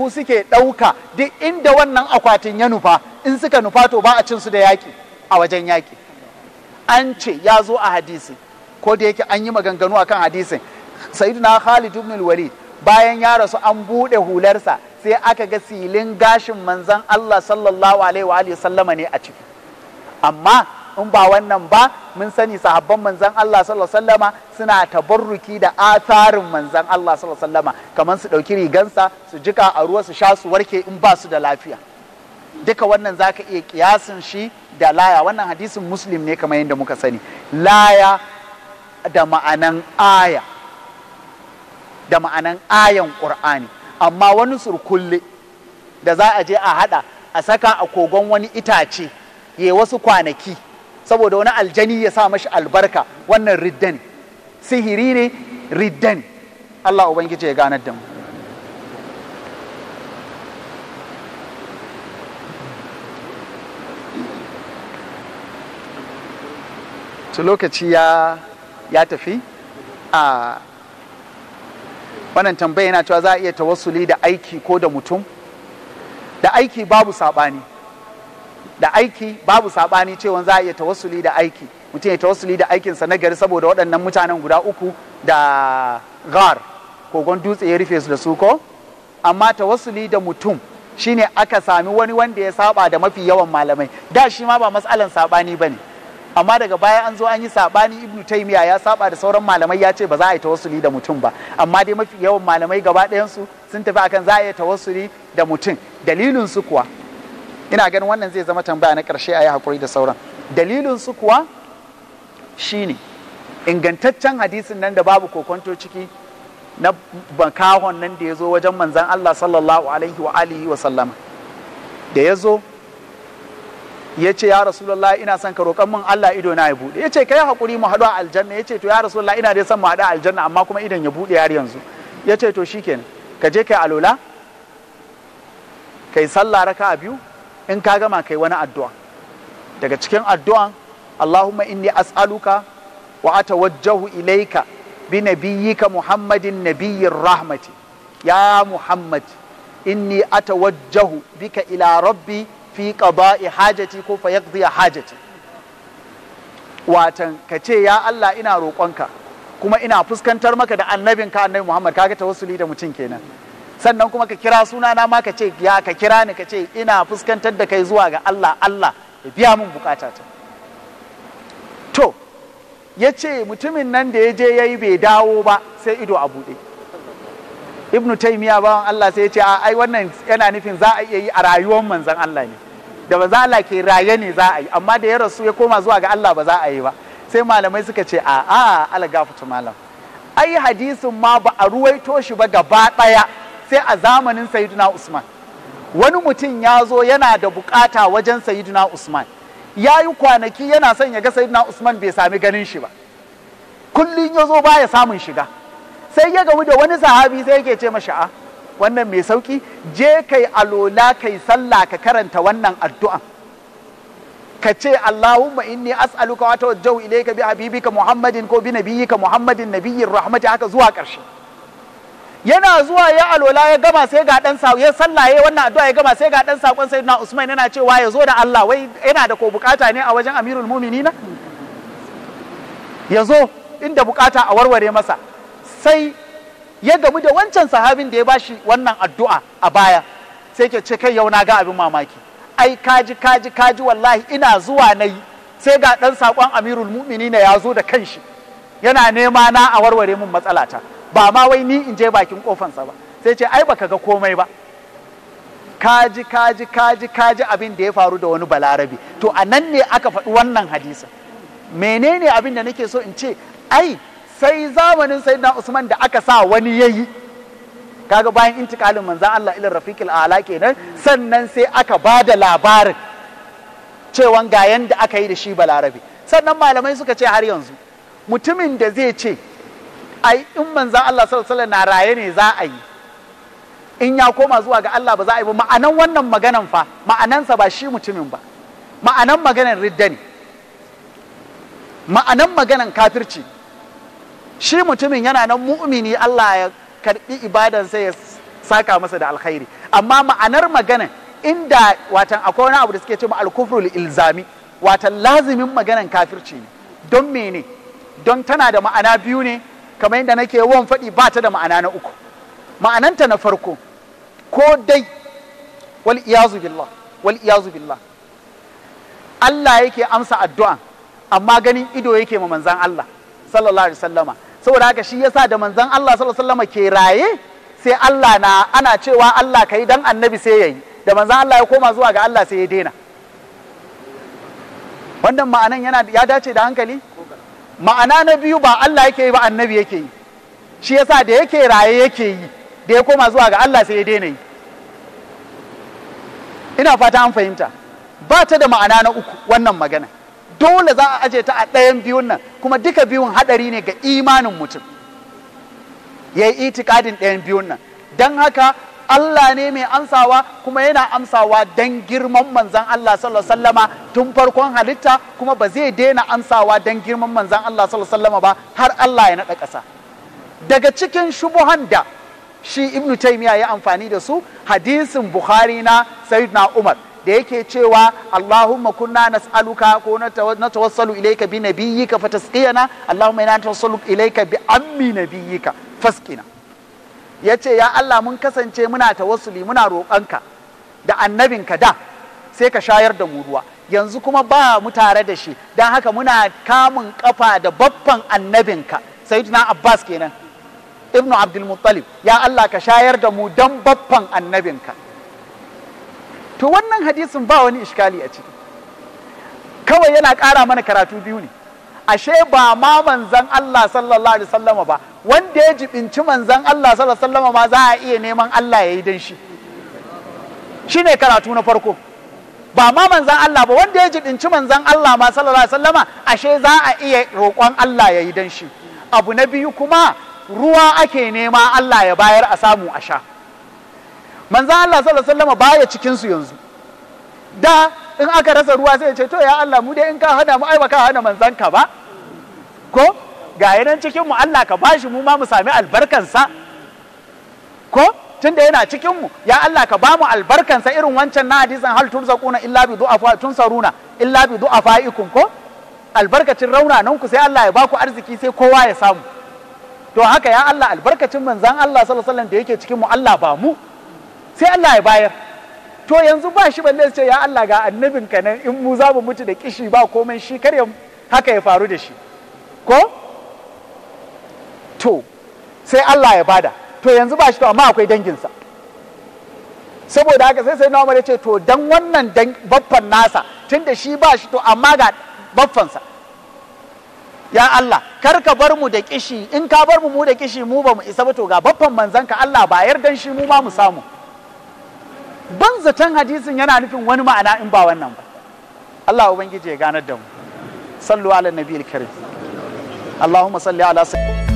ku suke ɗauka duk inda wannan akwatin ya nufa in suka nufa to ba a cin su da yaƙi a wajen yaƙi an ce ya zo a hadisi ko da yake an yi maganganu akan hadisin sayyidina Khalid ibn walid bayan ya rasu an buɗe hularsa sai aka ga silin gashin manzon Allah sallallahu alaihi wa sallama ne a ciki amma in ba wannan ba mun sani sahabban manzan Allah sallallahu alaihi wasallama suna tabarruki da atharin manzan Allah sallallahu alaihi wasallama kamar su dauki rigansa su jika a ruwa su sha su warke in ba su da lafiya duka wannan zaka iya kiyasin shi da laya wannan hadisin muslim ne kamar yadda muka sani laya da ma'anan aya da ma'anan ayan qur'ani amma wani surkulle da za a je a hada a saka a kogon wani itace ya wasu kwanaki saboda wani aljani ya sa mashi albarka wannan ridda ne sihiri ne ridda ne Allah ubangiji ya ganar da mu to lokaci ya tafi a wannan tambaya yana cewa za a iya tawassuli da aiki ko da mutum da aiki babu saɓani da aiki babu sabani cewa za a iya tawassuli da aiki mutum ya tawassuli da aikinsa na gari saboda waɗannan mutanen guda uku da gar kogon dutse ya rufe su da su ko amma tawassuli da mutum shine aka sami wani wanda ya saba da mafi yawan malamai da shi ma ba matsalan sabani bane amma daga baya an zo an yi sabani ibnu taymiya ya saba da sauran malamai ya ce ba za a yi tawassuli da mutum ba amma dai mafi yawan malamai gaba ɗayan su sun tafi akan za a yi tawassuli da mutum dalilin su kuwa ina ganin wannan zai zama tambaya na ƙarshe a yi haƙuri da sauran dalilin su kuwa shine ingantaccen hadisin nan da babu kokonto ciki na bakahon nan da ya zo wajen manzan Allah sallallahu alaihi wa alihi wa sallama da ya zo ya ce ya rasulullah ina son ka roƙon min Allah ido na ya buɗe ya ce kai haƙuri mu haɗu a aljanna ya ce to ya rasulullah ina dai son mu haɗu a aljanna amma kuma idan ya buɗe har yanzu ya ce to shikenan ka je kai alola kai sallah raka a biyu in ka gama kai wani addu'a daga cikin addu'an Allahumma inni as'aluka wa atawajjahu ilaika bi nabiyyika Muhammadin nabiyyin rahmati ya Muhammad inni atawajjahu bika ila rabbi fi qada'i hajati ko fa yaqdi hajati watan ka ce ya Allah ina roƙonka kuma ina fuskantar maka da annabinka annabi Muhammad kaga tawassuli da mutum kenan sannan kuma ka kira suna na ma ka ce ya ka kira ni ka ce ina fuskantar da kai zuwa ga Allah Allah ya biya min bukata ta to ya ce mutumin nan da ya je ya yi bai dawo ba sai ido a buɗe ibnu taimiya bawan Allah sai ya ce ai wannan yana nufin za a iya yi a rayuwar manzon Allah ne da ba za la ke raye ne za a yi amma da ya rasu ya koma zuwa ga Allah ba za a yi ba sai malamai suka ce a a algafatu malam ai hadisin ma ba a ruwaito shi ba gaba ɗaya sai a zamanin Sayyiduna Usman. Wani mutum ya zo yana da bukata wajen Sayyiduna Usman. Ya yi kwanaki yana son ya ga Sayyiduna Usman bai sami ganin shi ba. Kullum ya zo ba ya samun shiga. Sai ya gamu da wani sahabi sai yake ce mashi a ah, wannan mai sauki je kai alola kai sallah ka karanta wannan addu'an. ka ce Allahumma inni as'aluka wa tawajjahu ilayka bi habibika Muhammadin ko bi nabiyyika Muhammadin nabiyyin rahmati haka zuwa ƙarshe yana zuwa ya alwala ya gama sai ga dan sa ya sallaye wannan addu'a ya gama sai ga dan sakon na Usman yana cewa ya zo da Allah wai yana da ko bukata ne a wajen Amirul Mu'minina ya zo inda bukata a warware masa sai ya gamu da wancan sahabin da ya bashi wannan addu'a a baya sai ke ce kai yau na ga abin mamaki ai kaji kaji kaji wallahi ina zuwa nayi sai ga dan sakon Amirul Mu'minina ya zo da kanshi yana nema na a warware mun matsalata ba ma wai ni in je bakin kofansa ba sai ce ai baka ga komai ba kaji kaji kaji kaji abin da ya faru da wani balarabi to a nan ne aka faɗi wannan hadisa menene abin da nake so in ce ai sai zamanin sayyidina usman da aka sa wani yayi kaga bayan intikalin manzan Allah ilin rafiqil ala kenan sannan sai aka ba da labarin cewan ga yanda aka yi da shi balarabi sannan malamai suka ce har yanzu mutumin da zai ce ai in manzan Allah sallallahu na raye ne za a yi in ya koma zuwa ga Allah ba za a yi ba ma'anan wannan maganan fa ma'anansa ba shi mutumin ba ma'anan maganan ridda ne ma'anan maganan kafirci shi mutumin yana nan mu'mini Allah ya karbi ibadansa ya saka masa da alkhairi amma ma'anar maganan inda watan akwai wani abu da suke cewa alkufrul ilzami watan lazimin maganan kafirci ne don mene don tana da ma'ana biyu ne kamar yadda nake yawan faɗi ba ta da ma'ana na uku ma'ananta na farko ko dai wal iyazu billah wal iyazu billah Allah yake amsa addu'a amma ganin ido yake ma manzan Allah sallallahu alaihi wasallama saboda haka shi yasa da manzan Allah sallallahu alaihi wasallama ke raye sai Allah na ana cewa Allah kai dan annabi sai yayi da manzan Allah ya koma zuwa ga Allah sai ya daina wannan ma'anan yana ya dace da hankali ma'ana na biyu ba Allah yake yi ba annabi yake yi shi yasa da yake raye yake yi da ya koma zuwa ga Allah sai ya daina yi ina fata an fahimta ba ta da ma'ana na uku wannan magana dole za a aje ta a ɗayan biyun nan kuma duka biyun haɗari ne ga imanin mutum ya yi itikadin ɗayan biyun nan don haka Allah ne mai amsawa kuma yana amsawa dan girman manzan Allah sallallahu sallama tun farkon halitta kuma ba zai daina amsawa dan girman manzan Allah sallallahu sallama ba har Allah ya naɗa ƙasa daga cikin shubuhan da shi Ibn Taymiyyah ya amfani da su hadisin Bukhari na na Umar da yake cewa Allahumma kunna nas'aluka ko na tawassalu ilayka bi nabiyyika fatasqiyana Allahumma inna tawassalu ilayka bi ammi nabiyyika fasqina ya ce ya Allah mun kasance muna tawassuli muna roƙonka da annabinka da sai ka shayar da mu ruwa yanzu kuma ba mu tare da shi don haka muna kamun kafa da babban annabinka sayyidina Abbas kenan ibnu Abdul Muttalib ya Allah ka shayar da mu don babban annabinka to wannan hadisin ba wani iskali a ciki kawai yana ƙara mana karatu biyu ne ashe ba ma manzan Allah sallallahu alaihi wasallama ba wanda ya jibinci manzan Allah sallallahu ma za a iya neman Allah ya yi dan shi ne karatu na farko ba ma manzan Allah ba wanda ya jibinci manzan Allah ma sallallahu alaihi wasallama ashe za a iya roƙon Allah ya yi dan shi abu na biyu kuma ruwa ake nema Allah ya bayar a samu a sha manzan Allah sallallahu alaihi wasallama baya cikinsu yanzu da in aka rasa ruwa sai ya ce to ya Allah mu dai in ka hana mu ai baka hana manzan ka ba ko ga yanan cikin mu Allah ka bashi mu ma mu sami albarkansa ko tunda yana cikin mu ya Allah ka bamu albarkansa irin wancan na hadisan hal turzaquna illa bi du'afa saruna illa bi du'afaikum ko albarkacin nan ku sai Allah ya baku arziki sai kowa ya samu to haka ya Allah albarkacin manzan Allah sallallahu alaihi wasallam da yake cikin mu Allah ba mu sai Allah ya bayar to yanzu ba shi balle ce ya Allah ga annabinka nan in mu za mu mutu da kishi ba komai shi kar haka ya faru da shi ko to sai Allah ya bada to yanzu ba shi to amma akwai danginsa saboda haka sai sai Umar ya ce to dan wannan dan baffan nasa tunda shi ba shi to amma ga baffansa ya Allah kar ka bar mu da kishi in ka bar mu mu da kishi mu ba mu isa ba to ga baffan manzanka Allah ba dan shi mu ma mu samu ban zaton hadisin yana nufin wani ma'ana in ba wannan ba Allah ubangiji ya ganar da mu sallu ala nabiyil karim Allahumma salli ala sayyidina